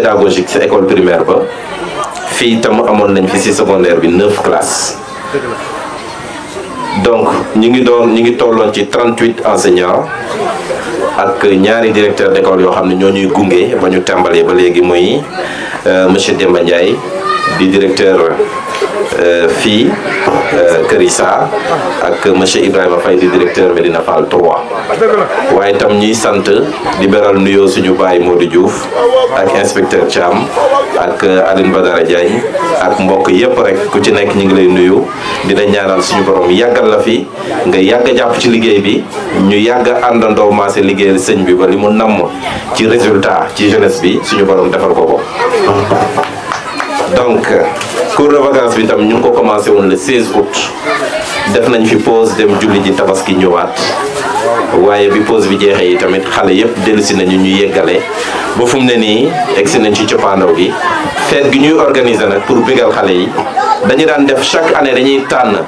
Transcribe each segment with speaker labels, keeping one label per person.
Speaker 1: pédagogique ci école primaire ba fii itam amoon nañ fi ci secondaire bi neuf classes donc ñu ngi doon ñu ngi tolloon ci trente-huit enseignants ak ñaari directeur d'école yoo xam ne ñoo ñuy gunge ba ñu tàmbalee ba léegi muy euh, monsieur Demba Ndiaye di directeur. Euh, fii euh, Kër Issa ak monsieur Ibrahima Faye di directeur Medina Fall 3 waaye itam ñuy sant di beral nuyoo suñu moo di juuf ak inspecteur Thiam ak euh, Aline Badara Diagne ak mbokk yëpp rek ku ci nekk ñu ngi lay nuyu di la ñaanal suñu borom yàggal la fi nga yàgg jàpp ci liggéey bi ñu yàgg a àndandoo maasé liggéeyal sëñ bi ba li mu namm ci résultat ci jeunesse bi suñu borom defal ko ko. donc cours de vacances bi tam ñu ngi ko commencé woon le 16 août def nañ fi pause dem julli ji tabaski ñëwaat waaye bi pause bi jeexee yi tamit xale yëpp dellusi nañu ñu yeggale ba fu mu ne nii egsi nañ ci coppaandaw gi feet gi ñuy organiser nag pour bégal xale yi dañu daan def chaque année dañuy tànn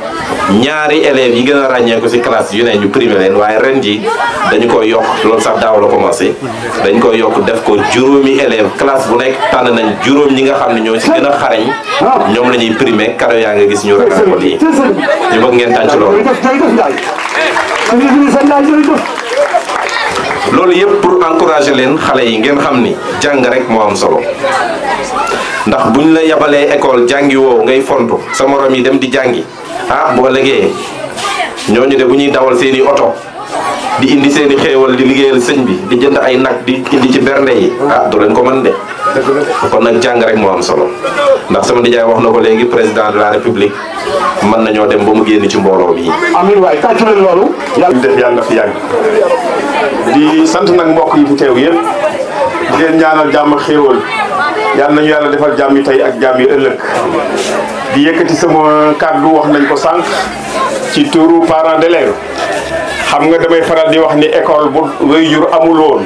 Speaker 1: ñaari élèves yi gën a ràññeeku si classe yu ne ñu primé leen waaye ren ji dañu ko yokk loolu sax daaw la commencé dañ ko yokk def ko juróomi élève classe bu nekk tànn nañ juróom ñi nga xam ñoo si gën xarañ ñoom la primé kado nga gis ñu ko ñu
Speaker 2: bëgg ngeen ministre
Speaker 1: loolu yëpp pour encourager leen xale yi ngeen xam ni jàng rek moo am solo ndax buñ la yabalee école jàngi woow ngay fontu sa moroom yi dem di jàngi ah boo légee ñooñu de bu ñuy dawal seeni oto di indi seeni xéewal di liggéeyal sëñ bi di jënd ay nak di indi ci bernde yi ah du leen ko mën de kon nag jàng rek moo am solo ndax sama nijaay wax na ko léegi président de la république mën nañoo dem ba mu ci mbooloo mi.
Speaker 3: amiin waay tàccu leen loolu.
Speaker 1: yàlla def yàlla fi yàgg
Speaker 3: di sant nag mbokk yi fi teew yëpp di leen ñaanal jàmm xéewal yàlla nañu yàlla defal jàmm yi tey ak jàmm yi ëllëg di yëkkati sama kàddu wax nañ ko sànq ci turu parents d'élèves xam nga damay faral di wax ni école bu wéyjur amul woon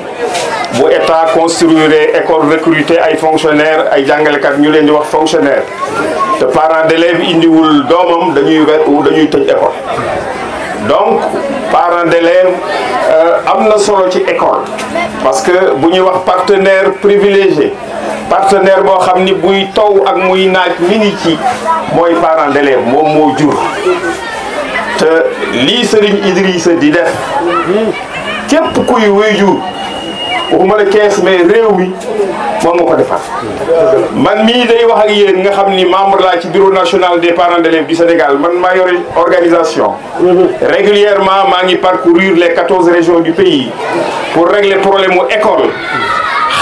Speaker 3: bu état construire école recruter ay fonctionnaire ay jàngalekat ñu leen di wax fonctionnaire te parents d'élèves indiwul doomam dañuy dañuy tëj école donc parents d'élèves euh, am na solo ci école parce que bu ñuy wax partenaire privilégié partenaire boo xam ni buy taw ak muy naaj mi ngi ci mooy parents d'élèves moom moo jur te lii sëriñ Idrissa di def képp kuy wéyju waxuma la kees mais réew mi moom moo ko defar man mii day wax ak yéen nga xam ni membre laa ci bureau national des parents d'élèves du Sénégal man maa organisation régulièrement maa ngi parcourir les quatorze régions du pays pour régler problème mu école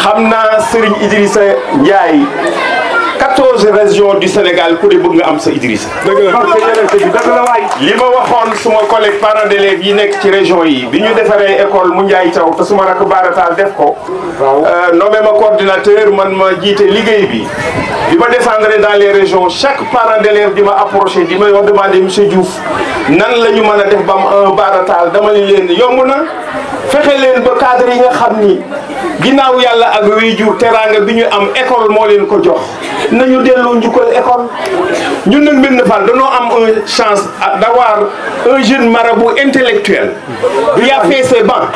Speaker 3: xam naa sëriñ Idrissa Ndiaye 14 régions du Sénégal pour des bëgg am sa Idrissa. dëgg la li ma waxone suma collègue parents d'élèves yi nek ci région yi biñu ñu école mu Ndiaye Thiaw te suma rakk baratal def ko. Euh, nommé ma coordinateur man ma jité liggéey bi. bi ma descendre dans les régions chaque parent d'élève di ma approché di ma demandé monsieur Diouf nan lañu mëna def bam un baratal dama leen yomb na fexe leen ba cadre yi nga xam ni ginnaaw yàlla ak waajur teraanga bi ñu am école moo leen ko jox nañu delloo njukkal école ñun nag Médina Fall dañoo am un chance d'avoir un jeune marabout intellectuel qui a fait ses bancs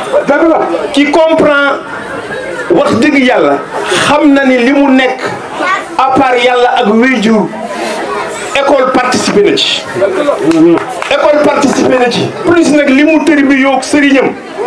Speaker 3: qui comprend wax dëgg yàlla xam na ni li mu nekk à part yàlla ak waajur école participé na ci école participé na ci plus nag li mu bi yoog sëriñam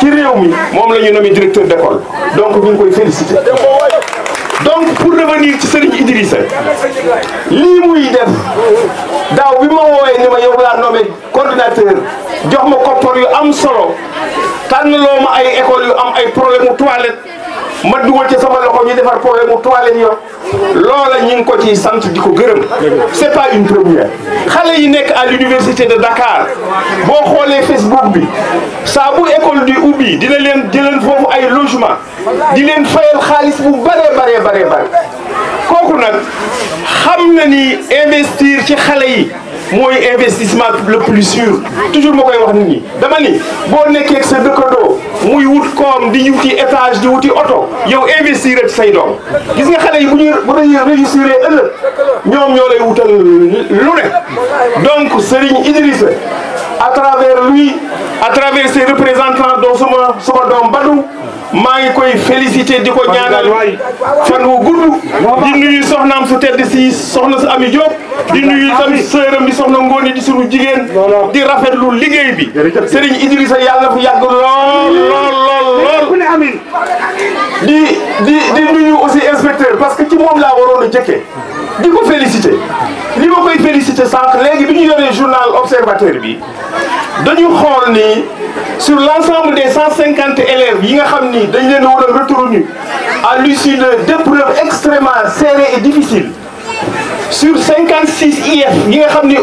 Speaker 3: ci réew mi moom la ñu nommé directeur décole donc ñu ngi koy félicité donc pour revenir ci Serigne Idrissa lii muy def daaw bi ma woowee ni ma yow laa nommé coordinateur jox ma koppar yu am solo tànnaloo ma ay école yu am ay problème mu toilette ma dugal ci sama loxo ñu defar problème mu toilette yoo loola ñu ngi ko ciy sant di ko gërëm c'est pas une première xale yi nekk à l'université de Dakar boo xoolee Facebook bi saa bu école di ubbi dina leen jëlal foofu ay logement di leen fayal xaalis bu bare bare bare bare kooku nag xam na ni investir ci xale yi mooy investissement le plus sûr toujours ma koy wax nit ñi dama ni boo nekkee ak sa dëkkandoo muy wut koom di wuti étage di wuti oto yow investir ci say doom gis nga xale yi bu ñu bu dañuy réussir ëllëg ñoom ñoo wutal lu ne donc Serigne Idrissa à travers lui à travers ses représentants dont ce sama doom Badou maa ngi koy félicité di ko ñaanal fan wu gudd di nuyu soxnaam su tedd si soxna si Ami Diop di nuyu tam sëram bi soxna Ngoone di sunu jigéen di rafetlu liggéey bi Serigne Idrissa yàlla fu yàgg lool lool
Speaker 2: lool lool
Speaker 3: di di aussi inspecteur parce que ci m'as monde l'a a jëkkee di ko félicité féliciter. ma koy félicité sànq que les journal observateur bi dañu sur l'ensemble des 150 élèves yi nga été retournés à l'issue preuves extrêmement serrées et difficiles sur 56 IF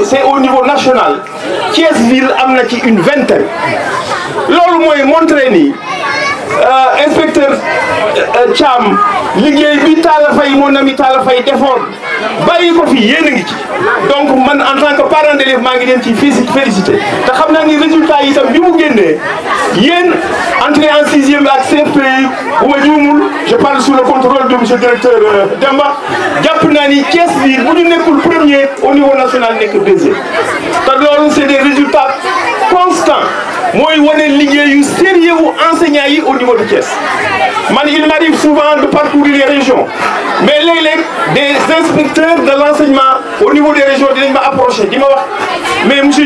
Speaker 3: c'est nga au niveau national Thiès ville am une vingtaine loolu mooy montré ni euh, inspecteur. Euh, Thiam liggéey bi Talla Faye mon ami Talla Faye defoon bàyyi fi yéen ci donc man en tant que parent d'élève maa ngi leen ci félicité te xam naa ni résultat yi itam bi mu génnee entrée en sixième ak CPI bu ma juumul je parle sous le contrôle de monsieur directeur euh, Demba jàpp naa ni Thiès bi bu ñu nekkul premier au niveau national nekk deuxième te loolu c'est des résultats constants mooy wane liggéeyu sérieux wu enseignants yi au niveau de Thiès il m'arrive souvent de parcourir les régions mais les des inspecteurs de l'enseignement au niveau des régions ils m'ont approché mais monsieur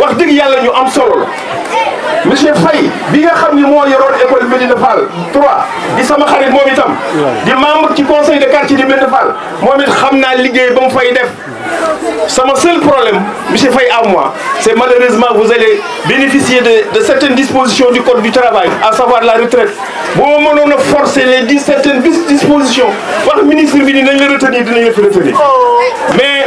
Speaker 3: wax dëgg yalla ñu am solo monsieur fay bi nga xamni mo moo école Medina Fall 3 di sama xarit moom itam di membre ci conseil de quartier de Medina Fall momit xamna xam bam fay def sama seul problème monsieur fay à moi c'est malheureusement vous allez bénéficier de de certaines dispositions du code du travail à savoir la retraite bo mënoon forcer les dix certaines dispositions wax ministre bi ni nañ la retenir dinañ la fi retenir oh. mais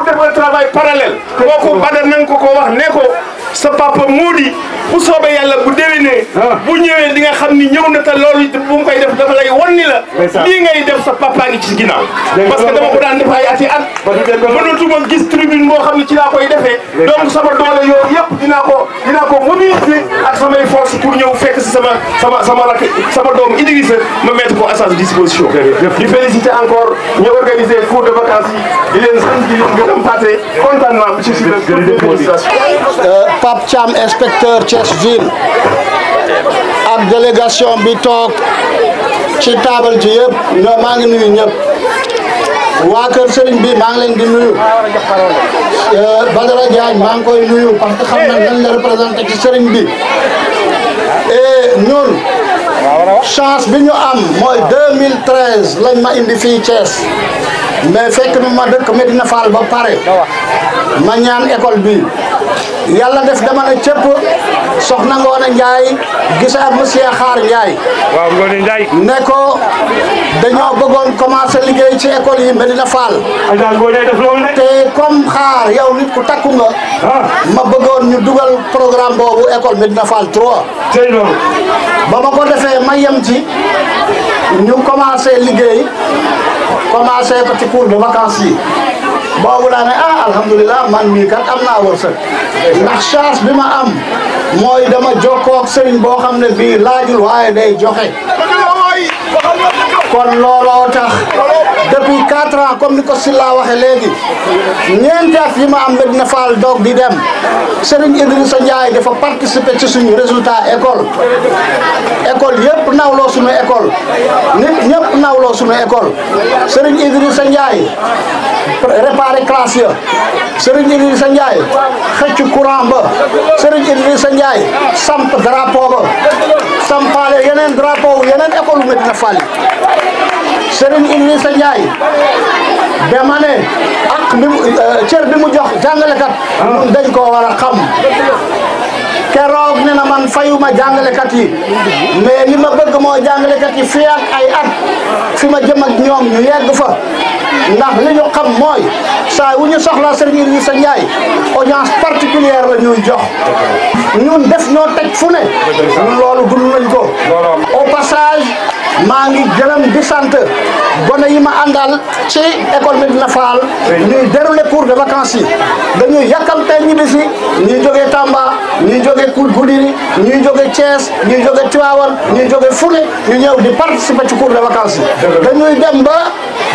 Speaker 3: un travail parallèle kooku Badar na ko ko wax ne ko sa papa moo di bu soobee yàlla bu déwénee ah. bu ñëwee li nga xam ni ñëw na te loolu bu mu koy def dafa lay wan la lii ngay def sa papa ngi ci ginnaaw parce que dama ko daan def ay at yi at gis tribune boo xam ni ci naa koy defee donc sama doole yooyu yëpp dinaa ko fi ak samay pour ñëw fekk si sama sama sama rakk sama doom Idrissa ma mettre ko à sa disposition. di félicité encore ñu organisé cours de vacances
Speaker 4: yi di leen sant di leen gërëm fàtte kontaan naa monsieur Sylla euh, Pape Thiam inspecteur Thiès ville ak délégation bi toog ci table ji yëpp maa ngi nuyu ñëpp. waa kër sëriñ bi maa ngi leen di nuyu euh, Badara Diagne maa ngi koy nuyu parce que xam na nañ la représenté ci bi et chance bi am mooy 2013 lañ ma indi fii Thiès mais fekk na ma dëkk Medina Fall ba pare ma ñaan école bi yàlla def dama ne cëpp soxna Ngoone Njaay gisa ak monsieur Xaar Neko dañoo bëggoon commencé liggéey ci école yi Medina Fall. te comme xaar yow nit ku takku nga. ma bëggoon ñu dugal programme boobu école Medina Fall 3. ba ma ko defee ma yem ci ñu commencé liggéey commencé ko ci cours de vacances yi. boobu naa ne ah alhamdulilah man mii kat am naa wërsëg ndax chance bi ma am mooy dama jokkoo ak boo xam ne bii laajul waaye day joxe. kon looloo tax depuis quatre ans comme ni ko Silla waxe léegi ñeenti at yi ma am na Fall doog di dem Serigne Idrissa Ndiaye dafa participer ci suñu résultat école école yëpp nawloo suñu école nit ñëpp nawloo suñu école Serigne Idrissa Ndiaye réparé classe ya Serigne Idrissa Ndiaye xëcc courant ba Serigne Idrissa Ndiaye samp drapeau ba sampaale yeneen drapeau yeneen école Medina Fall yi Serigne Idrissa Ndiaye dama ne ak bi mu euh, cër bi mu jox jàngalekat ñun dañ koo war a xam keroog ne na man fayuma jàngalekat yi mais li ma bëgg moo jàngalekat yi fii ak ay at fi ma jëm ak ñoom ñu yegg fa ndax li xam mooy saa wu ñu soxlaa Serigne Idrissa Ndiaye audience particulière la ñuy jox ñun def ñoo teg fu ne loolu dund nañ ko au passage maa ngi gërëm di sant gone yi ma àndal ci école Médina Fall ñuy déroulé cours de vacances yi dañuy yàkkamte ñibbi si ñuy jógee Tamba ñuy jógee Goudiri ñuy jógee Thiès ñuy jógee Tivaouane ñuy jógee Fune ñu ñëw di participer ci cours de vacances yi dañuy dem ba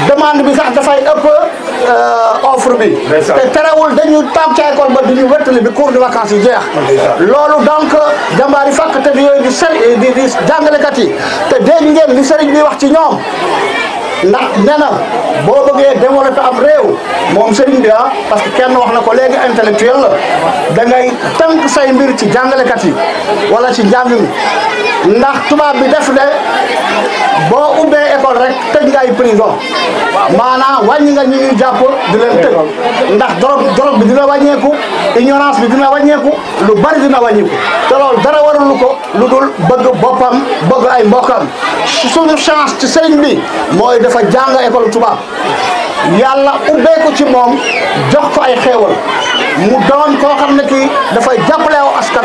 Speaker 4: demande bi sax dafay ëpp euh, offre bi te terewul dañuy taam ca école ba di ñu wéttali bi cours de vacances yi jeex loolu donc jàmbaari fàkk te di yooyu di jàngalekat yi te dégg ngeen Les saligues des Martignons. ndax nenam boo bëggee développé am réew moom sëriñ bi ah parce que kenn wax na ko léegi intellectuel la da ngay tënk say mbir ci jàngalekat yi wala ci njàng mi ndax tubaab bi def ne boo ubbee école rek tëj nga ay prison maanaam wàññi nga ñu ñuy di leen tëj ndax dorog dorog bi dina wàññeeku ignorance bi dina wàññeeku lu bari dina wàññeeku te loolu dara warulu ko lu dul bëgg boppam bëgg ay mbokkam suñu chance ci sëriñ bi mooy def dafa jàng école tubaab yàlla ubbeeku ci moom jox ko ay xéewal mu doon koo xam ne kii dafay jàppale aw askan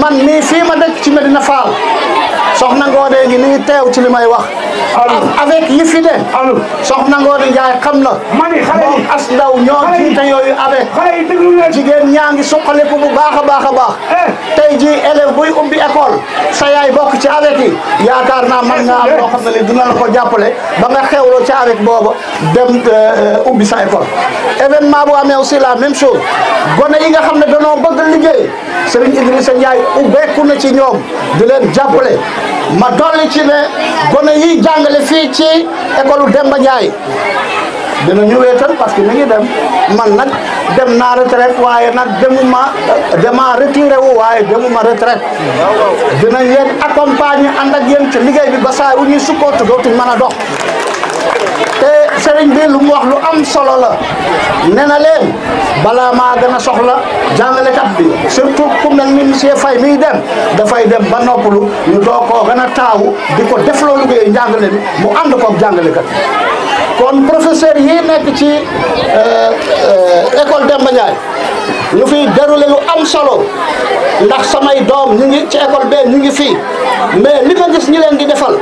Speaker 4: man mii fii ma dëkk ci Medina Fall soxna Ngoné ngi nii teew ci li may wax avec yi fi de. allo soxna Ngoone Njaay xam na. mani xale yi moom as ndaw ñoo jiite yooyu avec. xale jigéen ñaa ngi suqaliku baax a baax a baax. Eh. tey jii élève buy ubbi école sa yaay bokk ci avec yi yaakaar naa man nga am eh. loo xam ne dina la ko jàppale ba nga xewloo ci avec booba dem eh, ubbi sa école événement bu amee aussi la même chose gone yi nga xam ne danoo bëgg liggéey. Serigne Idrissa Ndiaye ubbeeku na ci ñoom di leen jàppale ma dolli ci ne gone yiy jàngale fii ci école Demba Ndiaye dina ñu wéetal parce que mi ngi dem man nag dem naa retraite waaye nag demuma dema retiré wu waaye demuma retraite dinañ leen accompagner ànd ak yéen ci liggéey bi ba saa yu ñuy sukkootu dootuñ mën a dox te sëriñ bi lu mu wax lu am solo la nee na leen balaa maa gën a soxla jàngalekat bi surtout ku mel ni monsieur Faye miy dem dafay dem ba noppalu ñu doo koo gën a taawu di ko def loo liggéey njàngale bi mu ànd koog jàngalekat kon professeur yi nekk ci euh, euh, école Demba Ndiaye ñu fiy leen lu am solo ndax samay doom ñu ngi ci école bee ñu ngi fii mais li ma gis ñi leen di defal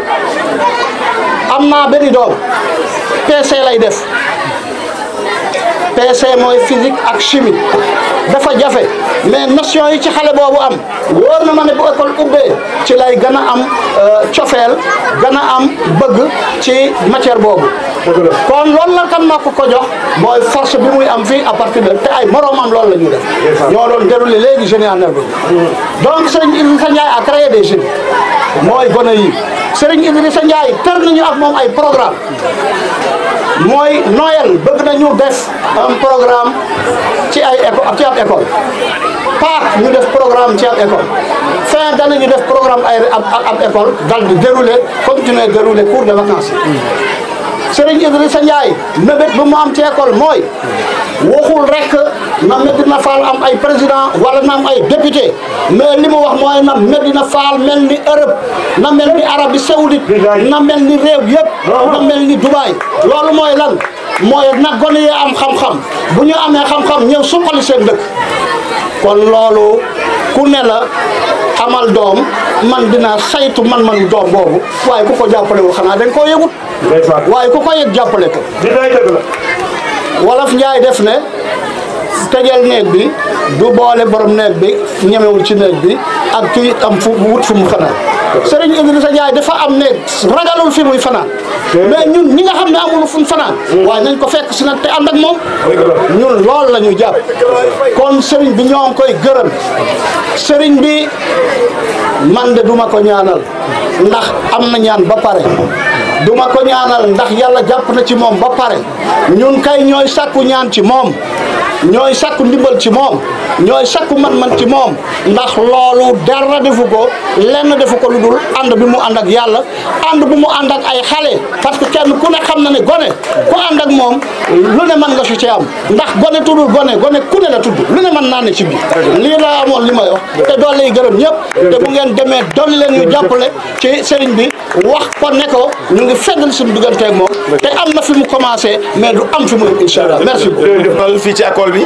Speaker 4: am naa benn doom PC lay def PC mooy physique ak chimie dafa jafe mais notion yi ci xale boobu am wóor na ma ne bu école ubbee ci lay gën a am euh, cofeel gën a am bëgg ci matière boobu kon loolu la kan moo ko ko jox mooy force bi muy am fii à partir de te ay moroom am loolu la ñuy def ñoo doon déroulé léegi génie en mmh. donc sëñ Issa a créé des jeunes mooy gone yi Sëriñ Idrissa Ndiaye tër nañu ak moom ay programme mooy noyel bëgg nañu def am programme ci ay école ci ab école Pâques ñu def programme ci ab école fin d'année ñu def programme ay ab école dal di dérouler continuer dérouler cours de vacances Serigne Idrissa Ndiaye mébét bu mu am ci école mooy waxul rek na Medina Fall am ay président wala na am ay député mais li mu wax mooy na Medina Fall mel ni Europe na mel ni Arabie Saoudite na mel ni réew yëpp na mel ni Dubaay loolu mooy lan mooy nag gone yi am xam-xam bu ñu amee xam-xam ñëw suqali seen dëkk kon loolu ku ne amal doom man dinaa saytu man manu doom boobu waaye ku ko jàppalewul xanaa dañ koo yëgut waaye ku ko yëg jàppale ko fu njaay def ne tëjal néeg bi du boole borom néeg bi ñemewul ci néeg bi ak kuy am fu wut fu mu xanaa sëriñ Idrissa Ndiaye dafa am ne ragalul fi muy fanaan mais ñun ñi nga xam ne amul fu fanaan waaye nañ ko fekk si nag te ànd ak moom ñun loolu la ñu jàpp kon sëriñ bi ñoo ngi koy gërëm sëriñ bi man de duma ko ñaanal ndax am na ñaan ba pare duma ko ñaanal ndax yàlla jàpp na ci moom ba pare ñun kay ñooy sàkku ñaan ci moom ñooy sakku ndimbal ci moom ñooy sakku man-man ci moom ndax loolu dara defu ko lenn defu ko lu dul ànd bi mu ànd ak yàlla ànd bu mu ànd ak ay xale parce que kenn ku ne xam na ne gone ku ànd ak moom lu ne mën nga su ci am ndax gone tuddul gone gone ku ne la tudd lu ne mën naa ne ci biir lii la amoon li ma wax te doole yi gërëm ñëpp te bu ngeen demee dolli leen ñu jàppale ci sëriñ bi wax ko ne ko ñu ngi feddal suñu digganteeg moom te am na fi mu commencé mais du am fi mu yem incha bi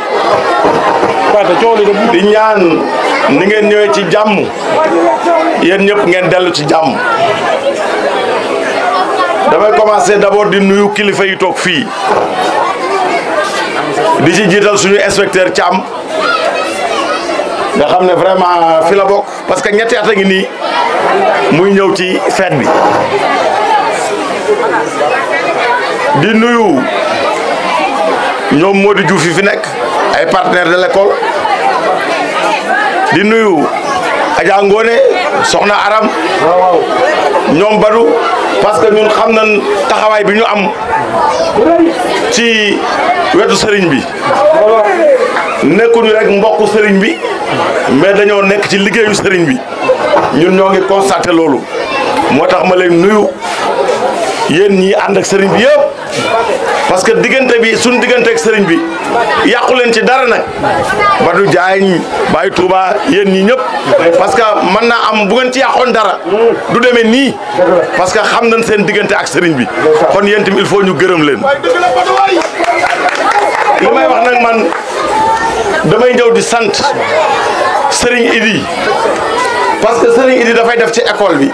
Speaker 4: wata coow li di ñaan
Speaker 5: ni ngeen ñëwee ci jàmm yéen ñëpp ngeen dellu ci jàmm damay commencer d'abord di nuyu kilifa yi toog fii di ci jiital suñu inspecteur Thiam nga xam vraiment fi la bokk parce que ñetti at a ngi muy ci fête bi di nuyu ñoom Modou Diouf yi fi nekk ay partenaires de l'école di nuyu Adja Ngone Soxna Aram ñoom Badou parce que ñun xam na taxawaay bi ñu am ci wetu sëriñ bi nekkuñu rek mbokk sëriñ bi mais dañoo nekk ci liggéeyu sëriñ bi ñun ñoo ngi constaté loolu moo tax ma leen nuyu yéen ñi ànd ak sëriñ bi yëpp parce que diggante bi suñ diggante ak sëriñ bi yàqu leen ci dara nag Badou Diagne Baye Touba yéen ñi ñëpp parce que mën naa am bu ngeen ci yàqoon dara du demee parce que xam nañ seen diggante ak sëriñ bi kon yéen tamit il faut ñu gërëm leen li wax nag man damay ñëw di sant Serigne Idi parce que Serigne Idi dafay def ci école bi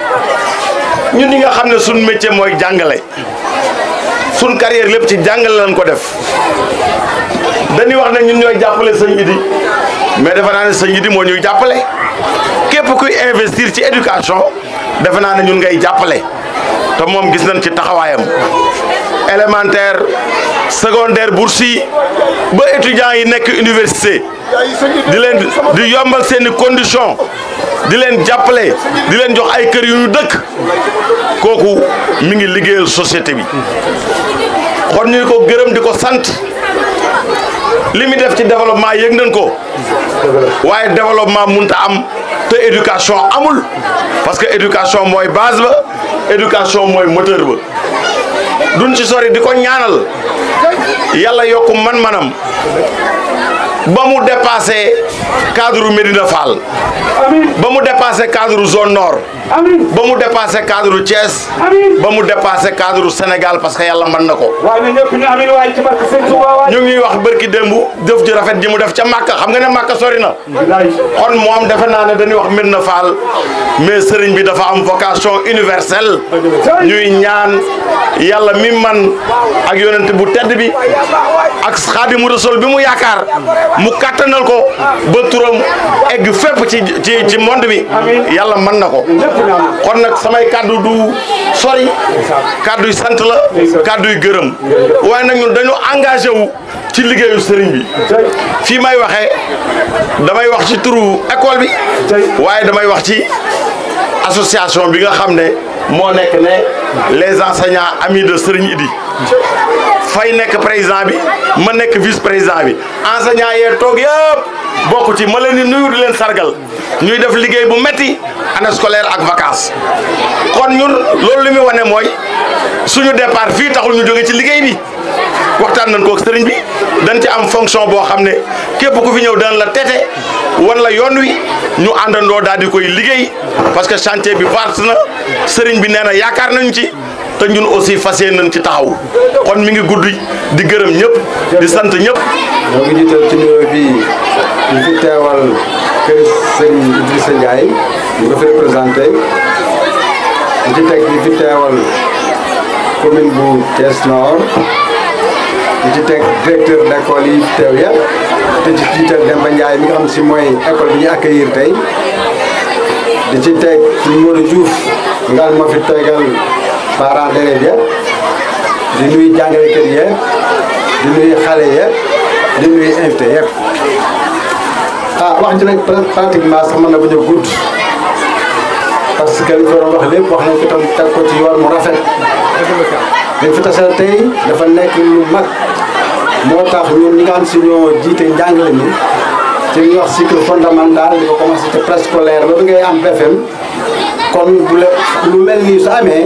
Speaker 5: ñun ñi nga xam ne métier mooy jàngale suñ carrière lépp ci jàngale lañ ko def dañuy wax na ñun ñooy jàppale sëñ di mais defe naa ne sëñ Idi moo ñuy jàppale képp kuy investir ci éducation defe naa ne ñun ngay jàppale to moom gis nañ ci taxawaayam élémentaire secondaire bourse yi ba étudiants yi nekk université di leen di yombal seeni condition di leen jàppale di leen jox ay kër yu ñu dëkk kooku mi ngi liggéeyal société bi kon ñu ko gërëm di ko sant li mu def ci développement yëg nañ ko waaye développement munta am te éducation amul parce que éducation mooy base ba éducation mooy moteur ba duñ ci sori di ko ñaanal yàlla yokk man-manam ba mu dépassé cadre Médina Fall ba mu dépassé cadre zone nord ba mu dépassé cadre Thiès ba mu dépassé cadre Sénégal parce que yàlla mën na ko ñu ngi wax bërki démb jëf ji rafet ji mu def ca Màkka xam nga ne Màkka sori na kon moom defe naa ne dañuy wax Médina Fall mais sëriñ bi dafa am vocation universelle ñuy ñaan yàlla mi man ak yonent bu tedd bi ak xaadimu rasul bi mu yaakaar mu kàttanal ko ba turam egg fépp ci ci ci monde bi yàlla mën na ko kon nag samay kàddu du sori kàddu yu sant la kàddu yu gërëm waaye nag ñun dañu engagé wu ci liggéeyu sëriñ bi fii may waxee damay wax ci turu école bi waaye damay wax ci association bi nga xam ne moo nekk ne les enseignants amis de Serigne Idy fay nekk présent bi ma nekk vice président bi enseignant yee toog yëpp bokk ci ma leen di nuyu di leen sargal ñuy def liggéey bu metti année scolaire ak vacances kon ñun loolu li muy wane mooy suñu départ fii taxul ñu jóge ci liggéey bi waxtaan nañ ko ak sëriñ bi dañ ci am fonction boo xam ne képp ku fi ñëw daan la tete wan la yoon wi ñu àndandoo daal di koy liggéey parce que chantier bi part na sëriñ bi nee na yaakaar nañu ci te ñun aussi fas yéene nañ ci taxaw kon mi ngi gudd di gërëm ñëpp
Speaker 6: di sant ñëpp. ñoo ngi jiital ci nuyoo bi ñu fi teewal kër sëñ Idrissa Ndiaye ñu ko fi représenté di ci teg ñu fi teewal commune bu Thiès Nord di ci teg directeur d' école yi teew ya te ci jiital Demba Ndiaye mi nga xam si mooy école bi ñu accueillir tey di ci teg Modou Diouf nga ma fi tegal. parents de yëpp de nuyu jàngalekat yëpp de nuyu xale yëpp di nuyu invité yëpp ah wax ji nag pratiquement sax mën na bañ a gudd parce que li ko doon wax lépp wax nañ ko tam teg ko ci rafet dañ fi tasal tey dafa nekk lu mag moo tax ñun ñi nga xam si ñoo jiite njàngale mi ci ñuy cycle fondamental di ko commencé ci préscolaire ba bi ngay am BFM kon bu la lu mel nii su amee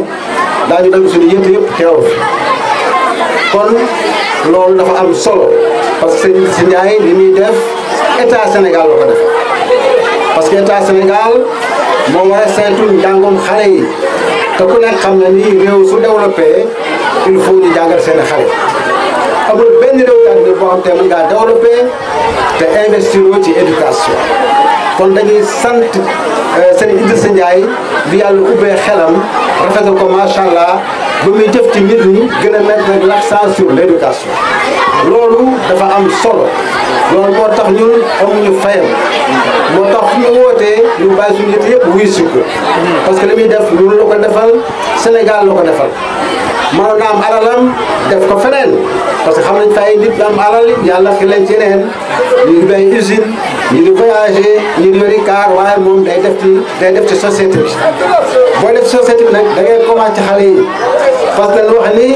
Speaker 6: daañu dem suñu yëpp yëpp teew kon loolu dafa am solo parce que si Ndiaye li muy def état Sénégal la parce que état Sénégal moo war a saytu njàngoom xale yi te ku nekk xam na ni réew su développé il faut ñu jàngal seen xale. amul benn réew tànn boo xam te mun ngaa développé te investir wu ci éducation kon dañuy sant eh, sëriñ Idrissa Ndiaye bi yàlla ubbee xelam rafetal ko macha allah ba muy def ci mbir mi gën a mettre nag l'accent sur l' éducation loolu dafa am solo loolu moo tax ñun amuñu fayam moo tax fu ñu wootee ñu bàyyi suñu yëpp yëpp wuy si parce que li muy def loolu la ko defal Sénégal la ko defal. mënoon na am alalam def ko feneen parce que xam nañ fa ay nit am alal yàlla xi lañ ci neen ñu ngi bay usine ñu di voyager ñu di yori kaar waaye moom day def ci day def ci société bi boo def société bi nag da ngay commencé xale yi parce que wax ni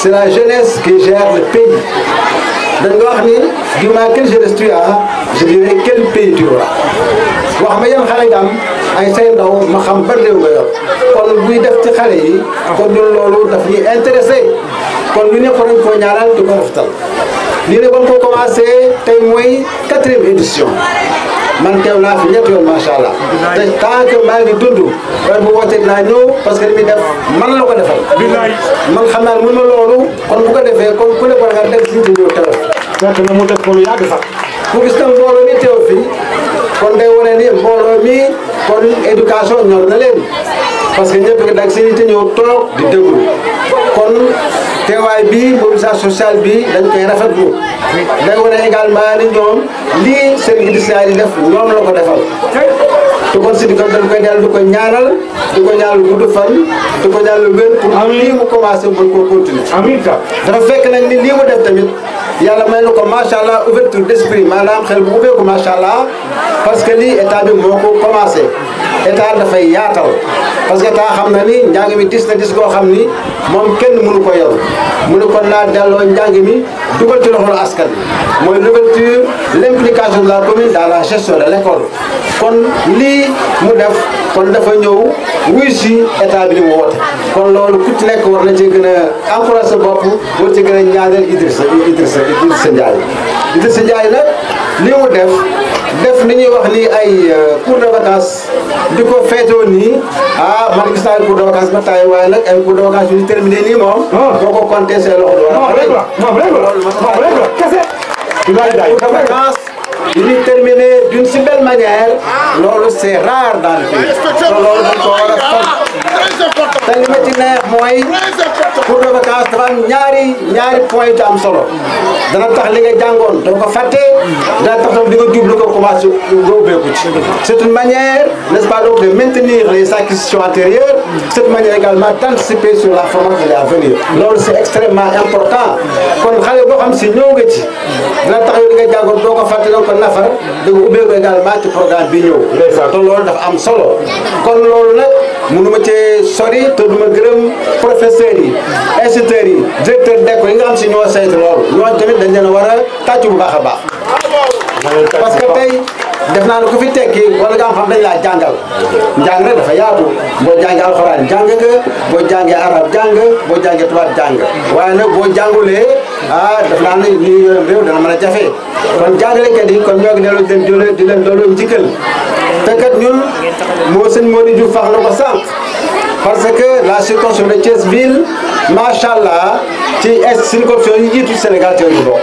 Speaker 6: c'est la jeunesse qui gère le pays dañ nga wax ni dis-moi quelle jeunesse tu as je dirai quel pays tu auras wax ma yan xale nga am ay say ma xam ban réew nga yor kon buy def ci xale yi kon ñun loolu daf ñuy intéressé kon ñu nekk nañ koo ñaanal di ko rafetal lii ne kon ko commencé tey mooy man teew naa fi ñetti yoon macha allah te tant que maa ngi dund waaye bu wootee naa ñëw parce que li muy def man la ko defal man xam naa mën na loolu kon bu ko defee kon ku ne war nga def si di ñëw teew fekk na mu def ko lu fii kon day wane ni mbooloo mi kon éducation ñor na leen parce que ñëpp nag seen i te ñëw toog di déglu kon teewaay bi mobilisation sociale bi dañ koy rafetlu day wane également ni ñoom lii service d'hygiène yi def ñoom la ko defal. te kon si di ko koy dellu di ko ñaanal di ko ñaanal gudd fan di ko ñaanal wér pour lii mu commencé mën koo continuer. dafa fekk nag ni lii mu def tamit. yàlla may na ko macha allah ouverture d' esprit maanaam xel bu ubbeeku macha allah parce que lii état bi moo ko état dafay yaatal parce que état xam na ni njàng mi dis na dis koo xam ni moom kenn mënu ko yor mu ne kon naa delloo njàng mi dugal ci loxol askan mooy l'ouverture l'implication de la commune dans la gestion de l'école kon lii mu def kon dafa ñëw wuy si état bi li mu woote kon loolu ku ci nekk war na ci gën a encouragé sa bopp war ci gën a ñaanal Idrissa Idrissa Idrissa Ndiaye Idrissa Ndiaye nag li mu def def li ñuy wax ni ay euh, cours de vacances di ko feetoo nii ah man gis naa cours de vacances ba taay waaye nag ay de vacances yu ñu terminé moom. boo ko compté seen loxo. non rek la Il est terminé d'une si belle manière non' c'est rare dans le pays c'est une manière n'est-ce pas de maintenir les acquisitions antérieures cette manière également d'anticiper sur la forme de l'avenir non c'est extrêmement important ko nafar da ko ubbee ko également ci programme bi ñëw te loolu dafa am solo kon loolu nag mënuma cee sori te duma gërëm professeurs yi instituteurs yi directeur d'école yi nga xam si ñoo saytu loolu ñoo tamit dañ leen a war a tàccu bu baax a baax parce que tey def naa ne ku fi tekki wala nga xam dañ laa jàngal njàng rek dafa yaatu boo jàngee alxuraan jàng nga boo jàngee arab jàng boo jàngee tubaab jàng waaye nag boo jàngulee dafa daan lii yore réew dana mën a jafe kon jàngalekat yi kon ñoo ngi dellu di leen di leen doolu jikkal te kat ñun moo sëñ Modou Diouf fax na ko sànq parce que la circonscription de Thiès ville macha allah ci circonscription yi jiitu Sénégal ci lañ bokk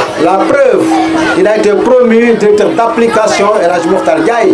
Speaker 6: La preuve, il a été promu directeur d'application et Erasmus Targaï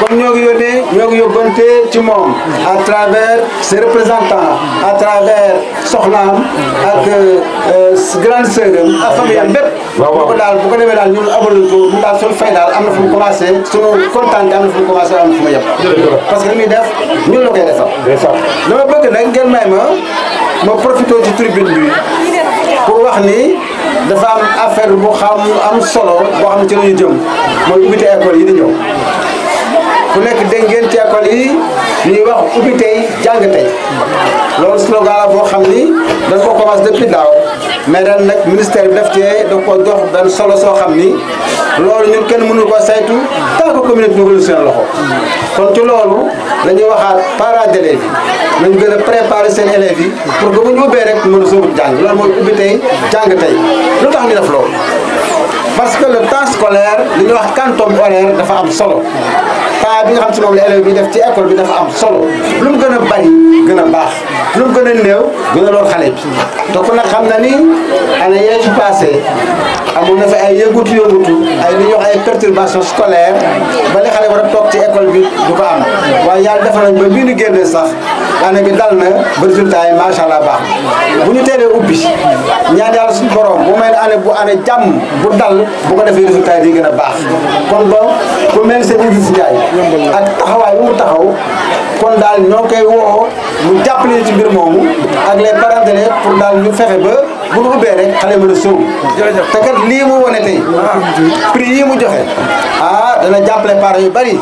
Speaker 6: comme ñoo ngi yónnee ñoo ngi yóbbante ci moom à travers ses représentants à travers soxnaam ak euh, euh, grande sœur ak famille bépp waaw waaw ko daal bu ko demee daal ñu abal ko mu daal suñu fay daal am na fu mu commencé suñu kontaan am na commencé am na fu mu yem parce que li muy def ñun la koy defal dama bëgg nag ngeen may ma ma profité ci tribune bi pour wax ni dafa am affaire bu xam am solo boo xam ne ci la ñu jëm mooy ubbite école yi di ñëw bu nekk dégg ngeen ci école yi ñuy wax ubbi tey jàng tey loolu slogan la boo xam ni dañ ko commencé depuis daaw mais ren nag ministère bi def cee da ko jox benn solo soo xam ni loolu ñun kenn mënu ko saytu tant que communauté seen loxo kon ci loolu la ñuy waxaat parents d'élèves gën a préparer seen élèves pour que bu ñu ubbee rek mën a sóobu jàng loolu mooy ubbi tey lu tax ñu def loolu parce que le temps scolaire li ñuy wax quantum horaire dafa am solo pas bi nga xam si moom la élève bi def ci école bi dafa am solo lu mu gën a bari gën a baax lu mu gën a néew gën a lool xale bi te ku nag xam na ni année yee ci passé amoon na fa ay yëngutu yëngutu ay li ñuy wax ay perturbation scolaire ba li xale war a toog ci école bi du ko am waaye yàlla def nañ ba bii ñu génnee sax année bi dal na ba résultat yi macha allah baax na bu ñu teelee ubbi ñaan yàlla suñu borom bu may année bu bu dal bu ko defee résultat yi di gën kon ba ku mel seen Idrissa Ndiaye ak taxawaay bu mu taxaw kon daal ñoo koy woo mu jàppale ci mbir moomu ak les parents d'élèves pour daal ñu fexe ba bu ñu ubbee rek xale mën a sóobu te kat lii mu wane tey ah. prix yi mu joxe ah dana jàppale parents yu bari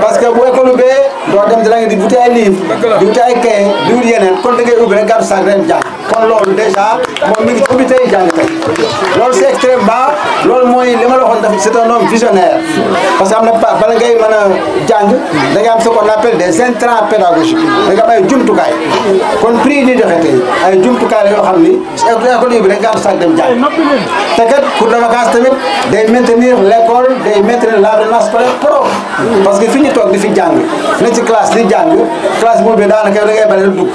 Speaker 6: parce que bu école ubbee doo dem si la nga di wuti ay livre di wuti ay kaye di wut yeneen kon da ngay ubbi rek gàddu saak ren jàng kon loolu dèjà moom mi ngi ci comité yi jàng loolu c' est extrêmement loolu mooy li ma la waxoon dafa c' est un homme visionnaire parce que am na bala ngay mën a jàng da ngay am ce qu'on appelle des intrants pédagogiques da nga am ay jumtukaay kon prix yi ñuy joxe tey ay jumtukaay la yoo xam ni école yi bi da nga am sax dem jàng te kat cours de vacances tamit day maintenir l' école day maintenir l' environnement scolaire propre parce que fi ñu toog di fi jàng ne ci classe di jàng classe boobu daanaka da ngay bëri dugg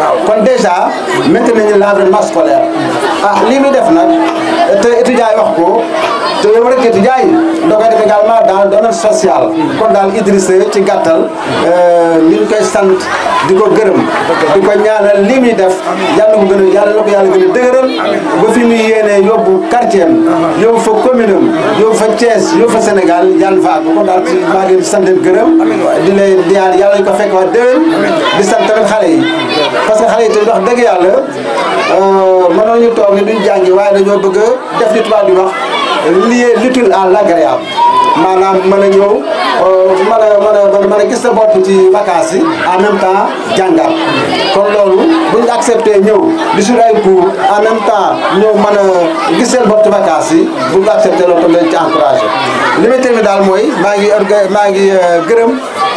Speaker 6: waaw kon dèjà arrêté nañu l'environnement scolaire ah lii muy def nag te étudiants yi wax ko te yow rek étudiants yi da koy def également dans le domaine social. kon daal Idrissa ci gàttal ñu euh, ngi koy sant di ko gërëm. di ko ñaanal lii muy def yàlla ko gën a yàlla ko yàlla gën a dëgëral. ba fi muy yéenee yóbbu quartier am. yóbbu fa commune am. yóbbu fa Thiès yóbbu fa Sénégal yàlla fa àgg kon daal maa ngi leen di sant gërëm. di leen di yàlla ko fekk waa déwén. di sant tamit xale yi. parce que xale yi tey wax dëgg yàlla euh, ma ñu toog ni duñ jàngi waaye dañoo bëgg a def li tubaab di wax lier l'utile à l'agréable maanaam mën a ñëw euh, mën a mën a mën a gis sa bopp ci vacances yi en même temps jàngal kon loolu bu ñu accepté ñëw di suñu ay cours en même temps ñëw mën gis seen bopp ci vacances yi bu ñu accepté loolu tam dañ ci encouragé li may daal mooy maa ngi orga maa ngi euh, gërëm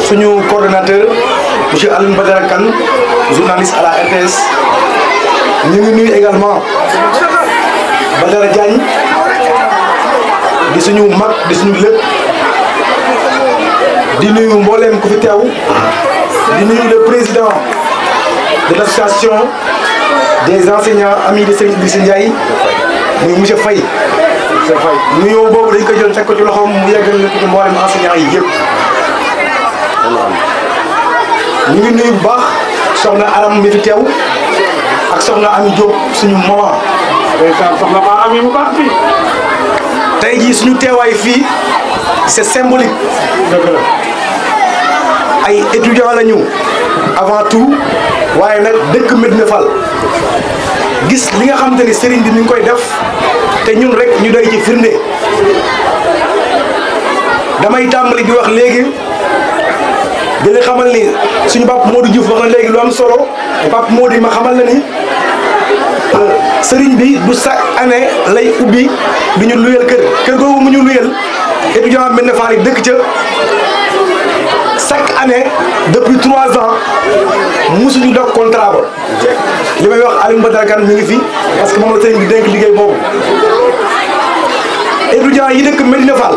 Speaker 2: suñu coordonnateur monsieur Alioune Badara Kane journaliste à la RTS ñu ngi nuy également Badara Diagne di suñu mag di suñu lépp di nuyu mbooleem ku fi teew di nuyu le président de l' association des enseignants amis de Serigne Idrissa Ndiaye muy monsieur Faye. monsieur Faye nuyoo boobu dañ ko jël teg ko ci loxoom mu yeggal la ci mboolem enseignants yi yëpp. ñu ngi nuyu bu baax soxna Aram mi fi teew ak soxna Ami Diop suñu maman. ndeysaan soxna jii suñu teewaay fii c'est symbolique. dëgg la ay étudiants la avant tout waaye nag dëkk Medina Fall gis li nga xam ni sëriñ bi mi ngi koy def te ñun rek ñu doy ci firnde
Speaker 7: damay tàmbali di
Speaker 2: wax léegi. dina xamal ni suñu Pape Modou Diouf wax na léegi lu am solo Pape Modou ma xamal na ni euh, sëriñ bi du chaque année lay ubbi du ñu luyal kër kër googu mu ñu luyal étudiant am benn yi dëkk ca chaque année depuis trois ans musuñu dog contrat ba li may wax Alioune Badara Kane mi ngi fi parce que moom la sëriñ bi dénk liggéey boobu étudiant yi dëkk Medina Fall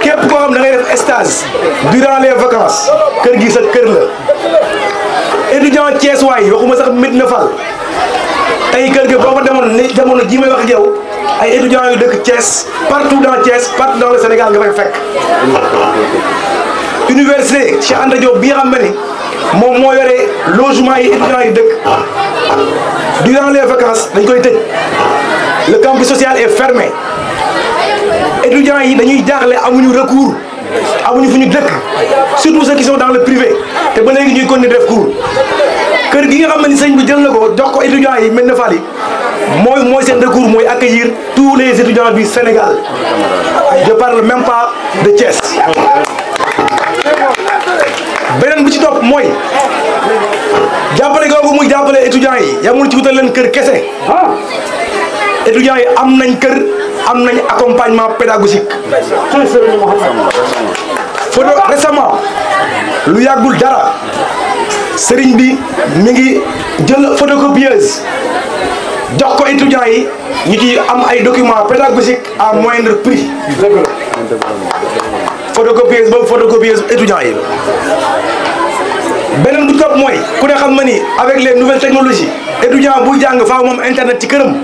Speaker 2: képp ko xam da ngay def stage durant les vacances kër gi sa kër la étudiant Thiessois waxuma sax mit na fal tey kër gi boo demone ni jamono ji may wax ak yow ay étudiants yu dëkk Thiès partout dans Thiès partout dans le Sénégal nga fay fekk université Cheikh Anta Diop bi xam nga ni mom mo yoré logement yi étudiants yi dëkk durant les vacances dañ koy tej le campus social est fermé étudiants yi dañuy jaaxle amuñu recours amuñu fu ñu dëkk surtout ceux qui sont dans le privé te ba léegi ñuy continuer def cours kër gi nga xam ne ni sëñ bi jël na ko jox ko étudiants yi mel na Fall yi mooy mooy seen recours mooy accueillir tous les étudiants du Sénégal je parle même pas de Thiès beneen bi ci topp mooy jàppale googu muy jàppale étudiants yi yamul ci wutal leen kër kese étudiants yi am nañ kër am nañu accompagnement pédagogique Fodo récemment lu yàggul dara sëriñ bi mi ngi jël photocopieuse jox ko étudiants yi ñu ci am ay documents pédagogiques à moindre prix photocopieuse boobu photocopieuse étudiants yi beneen bu topp mooy ku ne xam na ni avec les nouvelles technologies étudiant buy jàng faaw moom internet ci këram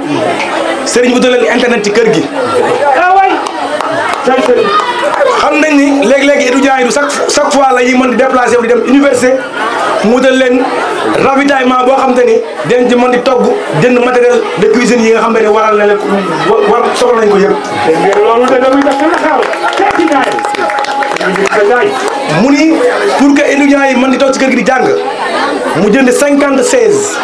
Speaker 2: sëriñ wutal leen internet ci kër gi. xam nañ ni léeg-léeg Edu Diagne du chaque fois la ñuy mën di déplacé wu di dem université mu wutal leen ravitaillement boo xam te ni dinañ ci mën di togg jënd matériel de cuisine yi nga xam ne waral na leen war soxla nañ ko yëpp. loolu de loolu mu ni pour que étudiants yi mën di toog ci kër gi di jàng mu jënd cinquante seize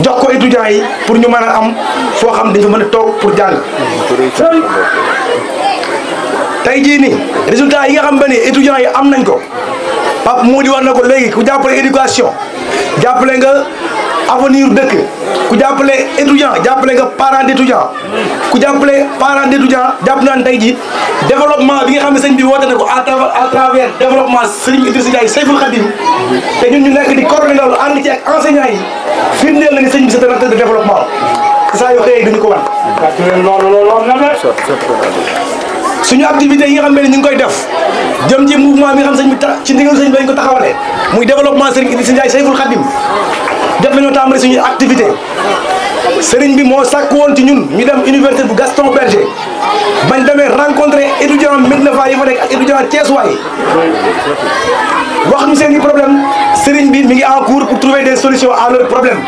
Speaker 2: jox ko étudiants yi pour ñu am foo xam dañ fa mën a toog pour jàng tey jii itu résultat yi nga xam yi am nañ ko Pape Mody war na ko léegi ku jàppale éducation nga avenir dëkk ku jàppale étudiant jàppale nga parent d'étudiant ku jàppale parent d'étudiant jàpp naan tey ji développement bi nga xam ne bi woote na ko à travers développement sëriñ Idrissa Ndiaye Seyful Khadim te ñun ñu nekk di coordonné loolu ànd ci ak enseignant yi firndeel na ni sëñ bi c'est un de développement saa yoo xëyee dañu ko wan suñu activité yi nga xam ñu koy def jëm ci mouvement bi nga xam sëñ bi ci ndigal sëñ bi dañ ko taxawalee muy développement sëriñ Idrissa Ndiaye Seyful Khadim jot nañoo tàmbali suñuy activité seriñ bi moo sàkk woon ci ñun ñu dem université bu Gaston Berger bañ demee rencontré étudiant Medina Fall yi fa nekk ak étudiant Thiès waay wax ñu seen i problème sëriñ bi mi ngi en cours pour trouver des solutions à leur problème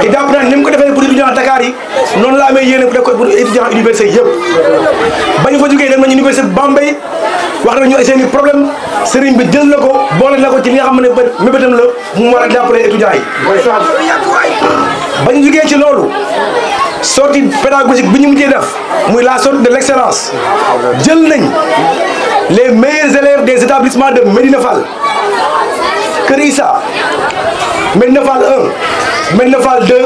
Speaker 2: te jàpp naa ni mu ko defee pour étudiants Dakar yi noonu la amee yéene bu def ko pour étudiants université yëpp ba ñu fa jógee dem nañu université Bambey wax nañu seen i problème sëriñ bi jël na ko boole na ko ci li nga xam ne bët mébétam la mu war a jàppale étudiants yi ba ñu jógee ci loolu sortie pédagogique bi ñu mujjee def muy la sortie de l'excellence jël nañ les meilleurs élèves des établissements de Médina Fall Kër Issa Médina Fall 1 Médina Fall 2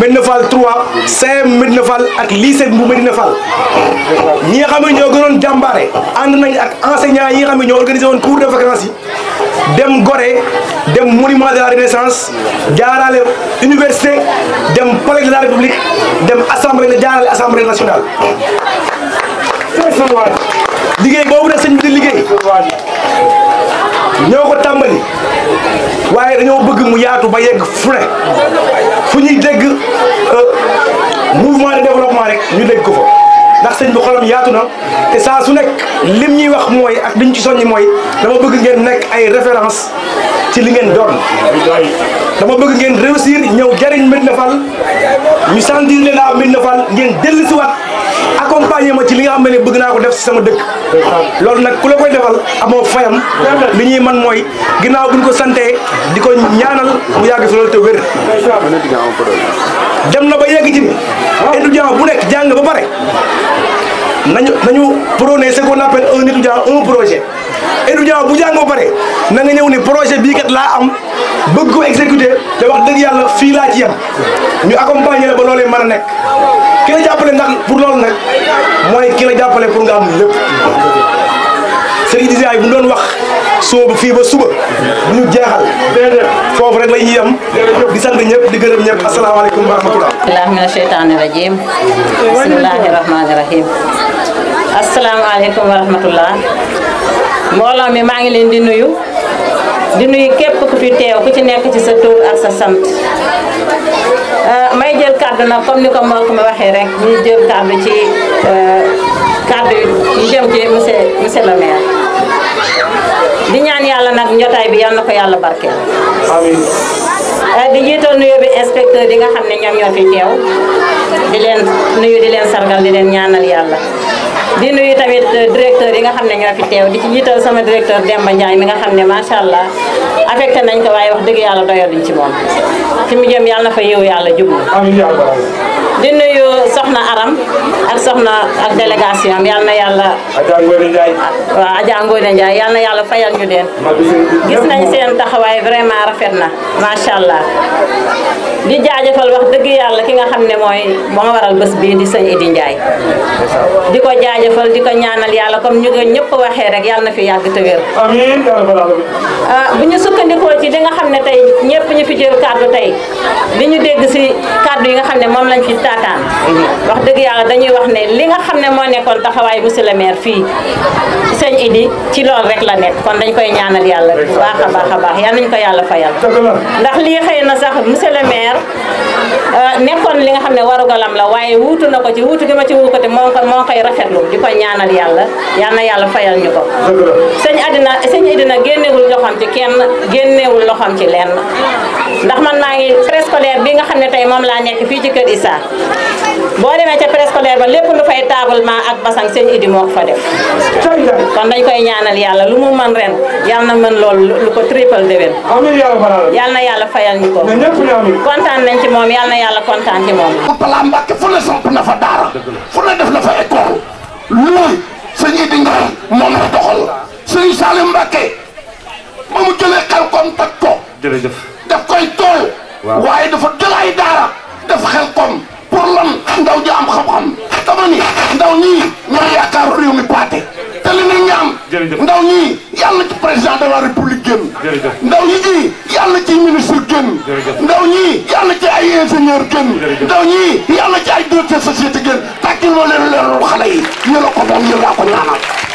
Speaker 2: Médina Fall 3 CM Médina Fall ak lycée bu Médina Fall ñi nga xam ne ñoo gënoon jàmbaare ànd nañ ak enseignants yi nga xam ne ñoo organisé woon cours de vacances yi dem Gorée dem monument de la renaissance jaarale université dem palais de la république dem assemblée na jaarale assemblée nationale liggéey boobu nag sëñ bi liggéey ñëw ko tàmbali waaye dañoo bëgg mu yaatu ba yegg fu ne fu ñuy dégg euh, mouvement de développement rek ñu dégg ko fa ndax sëñ bi xolam yaatu na te saa su nekk lim ñuy wax mooy ak liñ ci soññi mooy dama bëgg ngeen nekk ay référence ci li ngeen doon dama bëgg ngeen réussir ñëw jariñ Médina Fall ñu sentir leen à Médina Fall ngeen dëll dellusiwaat accompagner ma ci li nga xam ne bëgg naa ko def si sama dëkk loolu nag ku la koy defal amoo fayam li ñi man mooy ginnaaw buñ ko sante di ko ñaanal mu yàgg fi loolu te wér dem na ba yegg ci étudiant bu nekk jàng ba pare nañu nañu prôné ce qu'on appelle un étudiant un projet étudiant eh, bu jàngoo pare na nga ñëw ne projet bii kat laa am bëgg ko exécuter te wax dëgg yàlla fii laa ci yem ñu accompagner la ba loolee mën a nekk ki la jàppale ndax pour loolu nag mooy ki la jàppale pour nga am lépp Serigne Dizia bu doon wax suba ba fii ba suba bu ñu jeexal foofu rek la ñuy di sant ñëpp di gërëm ñëpp asalaamaaleykum wa rahmatulah.
Speaker 8: bisimilah mina sheytaani rajim bisimilahi rahmaani rahim asalaamaaleykum wa rahmatullah mbooloo mi maa ngi leen di nuyu di nuyu képp ku fi teew ku ci nekk ci sa tur ak sa sant euh, may jël kàddu nag comme ni ko mbokk mi waxee rek ñu jël kàddu ci euh, kàddu yu jëm ci monsieur monsieur le maire di ñaan yàlla nag njotaay bi yal na ko yàlla barke amiin. Euh, di jiital nuyu bi inspecteur di nga xam ne ñoom ñoo fi teew di leen nuyu di leen sargal di leen ñaanal yàlla. di nuyu tamit euh, directeur yi nga xam ne ñoo fi teew di ci jiital sama directeur Demba Ndiaye mi nga xam ne macha allah affecté nañ ko waaye wax dëgg yàlla doyaluñ ci moom fi mu jëm yàlla na fa yëw yàlla jublu. di nuyu soxna Aram ak soxna ak délégation am yàlla na yàlla.
Speaker 2: Adja Ngode Ndiaye. waaw
Speaker 8: Adja yàlla yàlla fayal ñu leen. gis nañ seen taxawaay vraiment rafet na macha allah. di jaajëfal wax dëgg yàlla ki nga xam ne mooy waral bés bii di Idi di ko jaajëfal di ñaanal yàlla comme ñu ko ñëpp rek yàlla na fi yàgg te wér amiin ah, bu ñu sukkandikoo ci li nga xam ne tey ñu fi jël dégg si kàddu yi nga xam ne lañ fi taataan wax dëgg yàlla dañuy wax ne li nga xam ne moo nekkoon monsieur le maire fii sëñ Idi ci rek la nekk kon dañ koy ñaanal yàlla baax a baax a baax ko fayal ndax lii xëy sax monsieur le maire maire euh, nekkoon li nga xam ne warugalam la waaye wuutu na ko ci wuutu gi ma ci wuutu moo ko moo koy rafetlu di ko ñaanal yàlla yal na yàlla fayal ñu ko. sëñ Adina sëñ Adina génnewul loxoom ci kenn génnewul loxoom ci lenn ndax man naa ngi préscolaire bi nga xam ne tey moom laa nekk fii ci kër Issa. boo demee ca préscolaire ba lépp lu fay taabalement ak basan seen idi moo ko fa def kon dañ koy ñaanal yàlla lu mu man ren yàlla na mën loolu lu ko triple déwén yàlla na yàlla fayal ñu ko kontaan nañ ci moom yàlla na yàlla kontaan ci moom Papa Mbacke fu ne samp na fa daara fu ne def na fa école loolu sëñ Idi Ndiaye moom la doxal
Speaker 4: sëñ Salim Mbacke ba mu jëlee xel koom toj ko jërëjëf
Speaker 3: daf koy tool waaye dafa jël daara def xel koom pour lan ndaw ji am xam-xam dama ni ndaw ñii ñooy yaakaaru mi paate te li ñu ñaan
Speaker 4: ndaw ñii yàlla ci président de la république génn ndaw ñii yàlla ci ministre génn ndaw ñii yàlla ci ay ingénieur génn ndaw ñii yàlla ci ay directeur société génn tàkkil loo leen leerul xale yi ñu la ko doon ñu laa ko ñaanal